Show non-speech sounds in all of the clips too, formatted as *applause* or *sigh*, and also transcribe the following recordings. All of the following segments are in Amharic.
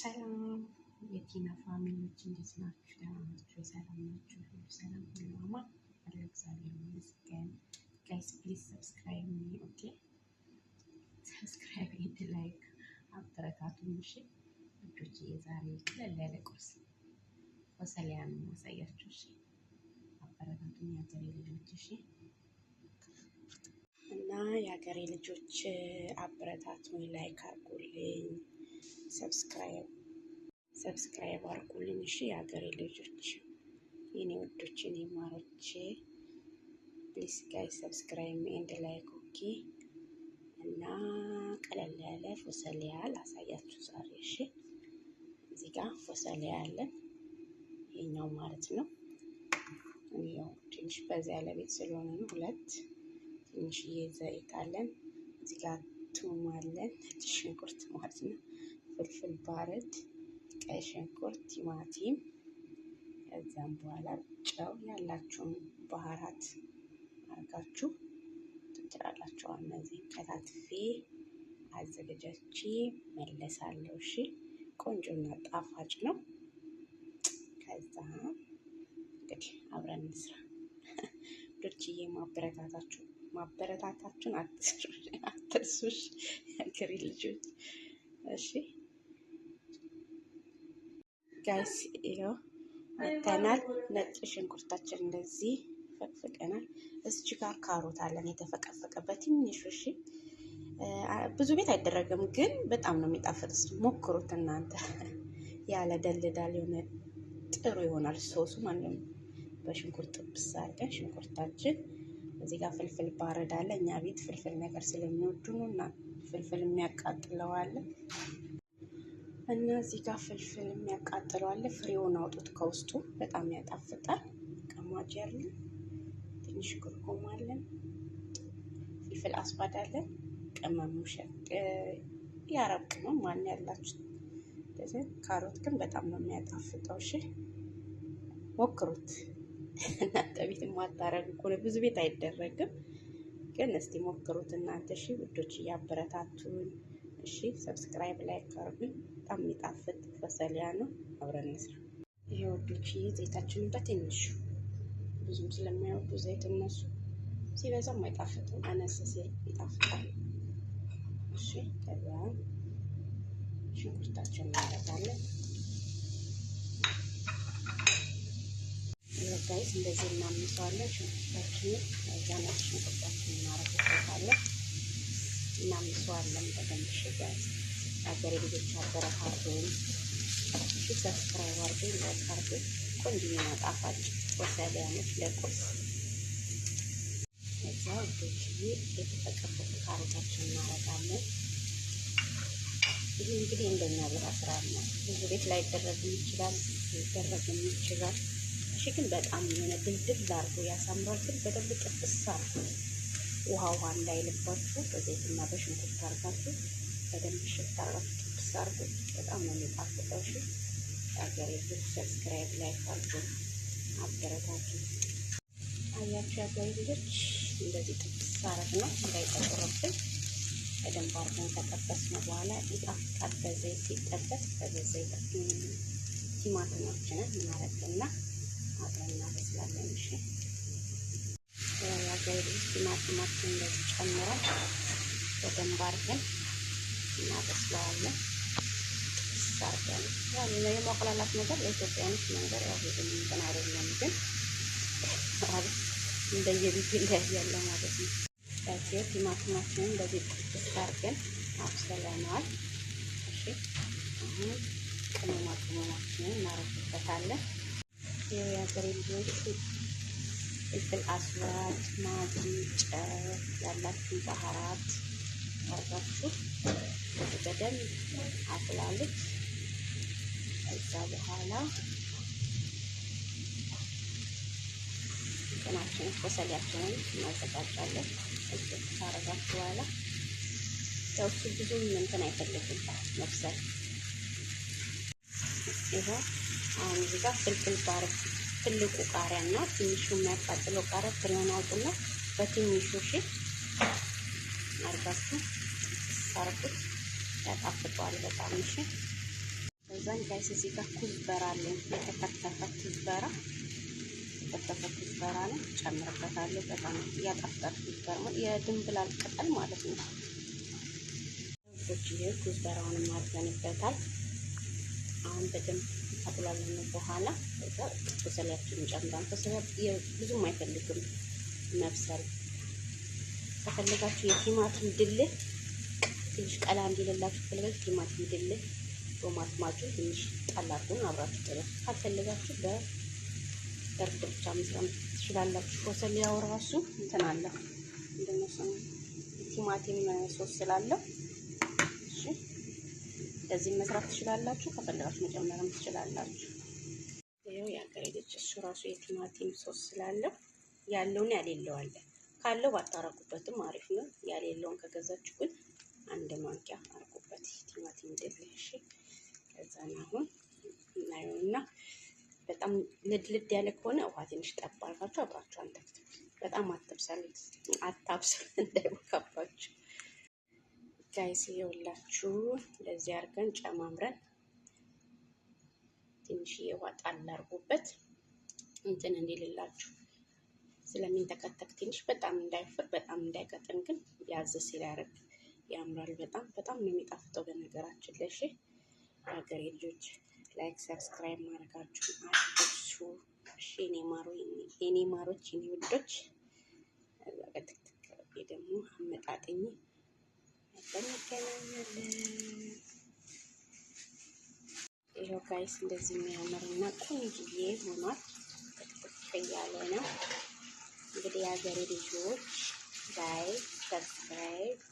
ሰላም የቲና ፋሚሊዎች እንዴት ናችሁ? ደህና ናችሁ? የሰላም ናችሁ? ሁሉ ሰላም ሁሉ አማን አለ። እግዚአብሔር ይመስገን። ጋይስ ፕሊዝ ሰብስክራይብ ሚ ኦኬ። ሰብስክራይብ ላይክ ልጆች፣ የዛሬ ያለ ቁርስ ነው የማሳያችሁ። እሺ የሀገሬ ልጆች። እሺ እና የሀገሬ ልጆች አበረታቱን፣ ላይክ አድርጉልኝ ሰብስክራይብ ሰብስክራይብ አድርጉልኝ። እሺ የሀገሬ ልጆች የኔ ወዶች የኔ ማሮቼ ፕሊስ ጋይ ሰብስክራይብ ኤንድ ላይክ ኦኬ። እና ቀለል ያለ ፎሰሊያ ላሳያችሁ ዛሬ እሺ። እዚህ ጋር ፎሰሊያ አለን ይሄኛው ማለት ነው። ያው ትንሽ በዛ ያለ ቤት ስለሆነ ነው። ሁለት ትንሽዬ ዘይት አለን እዚህ ጋር ቱም አለን ሽንኩርት ማለት ነው። ፍልፍል ባረድ፣ ቀይ ሽንኩርት፣ ቲማቲም ከዚያም በኋላ ጨው ያላችሁን ባህራት አርጋችሁ ትችላላችሁ። እነዚህ ከታትፌ አዘገጃችሁ መለሳለሁ። እሺ ቆንጆና ጣፋጭ ነው። ከዛ እንግዲህ አብረን እንስራ። ዶችዬ ማበረታታችሁ ማበረታታችሁን አትርሱሽ፣ ግሪ ልጆች እሺ። ጋይስ ይኸው መተናል። ነጭ ሽንኩርታችን እንደዚህ ፈቅፍቀናል። እዚች ጋር ካሮት አለን የተፈቀፈቀበት ትንሽ። እሺ ብዙ ቤት አይደረግም፣ ግን በጣም ነው የሚጣፍጥ። ሞክሩት እናንተ *laughs* ያለ ደልዳል የሆነ ጥሩ ይሆናል ሶሱ ማለት ነው። በሽንኩርት ጥብስ አድርገን ሽንኩርታችን እዚህ ጋር ፍልፍል ባረዳለ እኛ ቤት ፍልፍል ነገር ስለሚወዱ ነው እና ፍልፍል የሚያቃጥለዋለን እና እዚህ ጋር ፍልፍል የሚያቃጥለው አለ። ፍሬውን አውጡት ከውስጡ በጣም ያጣፍጣል። ቀማጭ ያለን ትንሽ ኩርኩም አለን፣ ፍልፍል አስባድ አለን፣ ቅመም ውሸት የአረብ ቅመም ማን ያላችሁ። ካሮት ግን በጣም ነው የሚያጣፍጠው። እሺ ሞክሩት። እናንተ ቤት የማታረጉ ከሆነ ብዙ ቤት አይደረግም፣ ግን እስቲ ሞክሩት እናንተ። እሺ ውዶች እያበረታቱን፣ እሺ ሰብስክራይብ ላይ አድርጉኝ። በጣም የሚጣፍጥ በሰሊያ ነው። አብረን እንስራ። ይሄ ወዶች ዘይታችን በትንሹ ብዙም ስለማይወዱ ዘይት እነሱ ሲበዛም አይጣፍጥም፣ አነስ ሲል ይጣፍጣል። እሺ ከዛ ሽንኩርታችን እናደርጋለን። ጋይስ እንደዚህ እናምሰዋለን። ሽንኩርታችን እዛ ነጭ ሽንኩርታችንን እናደርግበታለን። እናምሰዋለን በደንብ ሽጋዝ አገሬ ልጆች አበረታቱን። ሺ ሰብስክራይብ አድርጉኝ፣ ላይክ አድርጉኝ። ቆንጆና ጣፋጭ ወሰሊያኖች ለቁርስ እዛ ውዶች የተጠቀበት ካሮታችን እናረጋለን። ይህ እንግዲህ እንደኛ ቤት አስራር ነው። ብዙ ቤት ላይደረግም ይችላል፣ ሊደረግም ይችላል። እሺ ግን በጣም የሆነ ድልድል አድርጎ ያሳምራል። ግን በደንብ ጥብስ አድርጎ ውሃ ውሃ እንዳይልባችሁ በዘይትና በሽንኩርት አድርጋችሁ በደንብ ሽታ ጥብስ በጣም ነው የሚጣፍጠው። እሺ የአገሬ ልጆች ሰብስክራይብ ላይ አርጉ፣ አበረታቱ። አያችሁ የአገሬ ልጆች እንደዚህ ጥብስ ነው እንዳይጠቁርብን በደንብ አርገን ከጠበስ በኋላ ይጣፍጣል። በዘይት ሲጠበስ በዘይት ቲማቲሞችንን እናረግና አብረን እናበስላለን። እሺ የአገሬ ልጆች ቲማቲሞችን እንደዚህ ጨምረን በደንብ አርገን እናበስለዋለን። ሳርገን የማቁላላት ነገር ለኢትዮጵያኖች መንገር ያው ሄድን እንትን አይደለም፣ ግን ማለት እንደየቤት ይለያያለ ማለት ነው። በዚህ ቲማቲማችንን እንደዚህ ጥብስ አድርገን አብስለነዋል። እሺ አሁን ቅመማ ቅመማችንን እናረግበታለን። የሀገሬ ልጆች ፍልፍል አስዋድ፣ ማጊ፣ ጨው ያላችሁ ባህራት አርጋችሁ በደንብ አቁላለች። ከዛ በኋላ እንትናችንን ቆሰሊያችንን እናዘጋጃለን። እዚህ ካረጋችሁ በኋላ ያው እሱ ብዙም እንትን አይፈልግም መብሰል። ይኸው አሁን እዚህ ጋር ፍልፍል ባርብ ትልቁ ቃሪያ እና ትንሹ የሚያቃጥለው ቃሪያ ፍሬውን አውጡና በትንሹ ሺ አርጋችሁ ሳርኩት። ያጣፍጠዋል በጣም እሺ። እዛን ጋይስ እዚህ ጋር ኩዝበራ አለ፣ የተከተፈ ኩዝበራ የተከተፈ ኩዝበራ ነው ጨምርበታለሁ። በጣም ያጣፍጣል ኩዝበራ፣ የድንብላል ቅጠል ማለት ነው። ይሄ ኩዝበራውን አድርገንበታል። አሁን በደንብ አቁላለን በኋላ እዛ በሰላያችን እንጨምራለን። በሰላያ ብዙም አይፈልግም መብሰል። ከፈለጋችሁ የቲማቲም ድልህ ትንሽ ቀላ እንዲልላችሁ ፈልጋችሁ ቲማቲም ድልህ ቶማትማጩ ትንሽ ጣል አድርጉን አብራችሁ ጥረት ካልፈለጋችሁ በእርድ ብቻ መስራት ትችላላችሁ። ኮሰል ያው ራሱ እንትን አለ እንደነሱ ቲማቲም ሶስ ስላለው እሺ፣ መስራት ትችላላችሁ። ከፈለጋችሁ መጨመርም ትችላላችሁ። ይኸው የአገሬ እሱ ራሱ የቲማቲም ሶስ ስላለው ያለውን ያሌለዋለን ካለው ባታረጉበትም አሪፍ ነው። ያሌለውን ከገዛችሁ ግን አንድ ማንኪያ አርጉበት ቲማቲም ድልህ። እሺ ከዛን አሁን እናየውና በጣም ልድልድ ያለ ከሆነ ውሃ ትንሽ ጠብ አርጋችሁ አብራችሁ አንተፍት። በጣም አትብሰሉት፣ አታብሰሉ እንዳይወካባችሁ ጋይስ። ይኸውላችሁ ለዚህ አድርገን ጨማምረን ትንሽ ውሃ ጣል አርጉበት እንትን እንዲልላችሁ ስለሚንተከተክ ትንሽ በጣም እንዳይፈር በጣም እንዳይቀጥን ግን ያዝ ሲል ያደርግ ያምራል። በጣም በጣም ነው የሚጣፍጠው። በነገራችን ላይ እሺ ሀገሬ ልጆች ላይክ ሰብስክራይብ ማድረጋችሁ አትርሱ። እሺ የኔ ማሮ ማሮች የኔ ውዶች በትክትክ ደግሞ አመጣጥኝ እንገናኛለን። ይኸው ጋይስ እንደዚህ የሚያምር እና ቆንጆዬ ሆኗል። ጥቅጥቅ እያለ ነው እንግዲህ የሀገሬ ልጆች ላይክ ሰብስክራይብ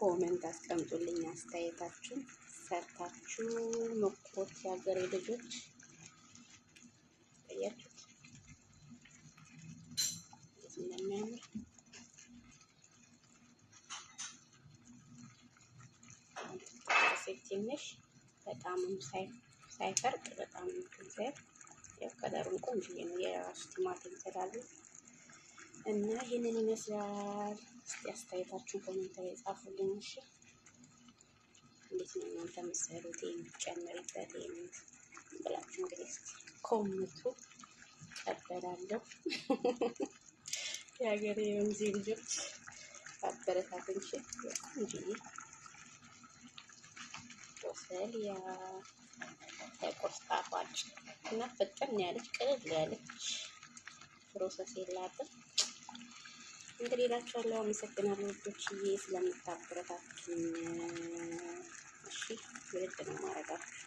ኮመንት አስቀምጡልኝ አስተያየታችሁ። ሰርታችሁ መኮት የሀገሬ ልጆች ያችሁ እንደሚያምር ትንሽ በጣምም ሳይፈርቅ በጣም ገንዘብ ያው ከለሩን ቆንጆ ነው። የራሱ ቲማቲም ስላሉ እና ይህንን ይመስላል። እስቲ አስተያየታችሁን ኮሜንት ላይ ጻፉልኝ። እሺ እንዴት ነው እናንተ የምትሰሩት? ጨምሪበት ይሄንን ብላችሁ እንግዲህ እስቲ ኮምቱ ቀበላለሁ። *laughs* የሀገሬ የወንዚ ልጆች እሺ፣ እንጂ ወሰል ያ እና ፈጠን ያለች ቅልል ያለች ፕሮሰስ የላትም። እንግዲህ እላችኋለሁ። አመሰግናለሁ ውዶችዬ ስለምታበረታቱኝ። እሺ ውድ ነው ማረጋችሁ።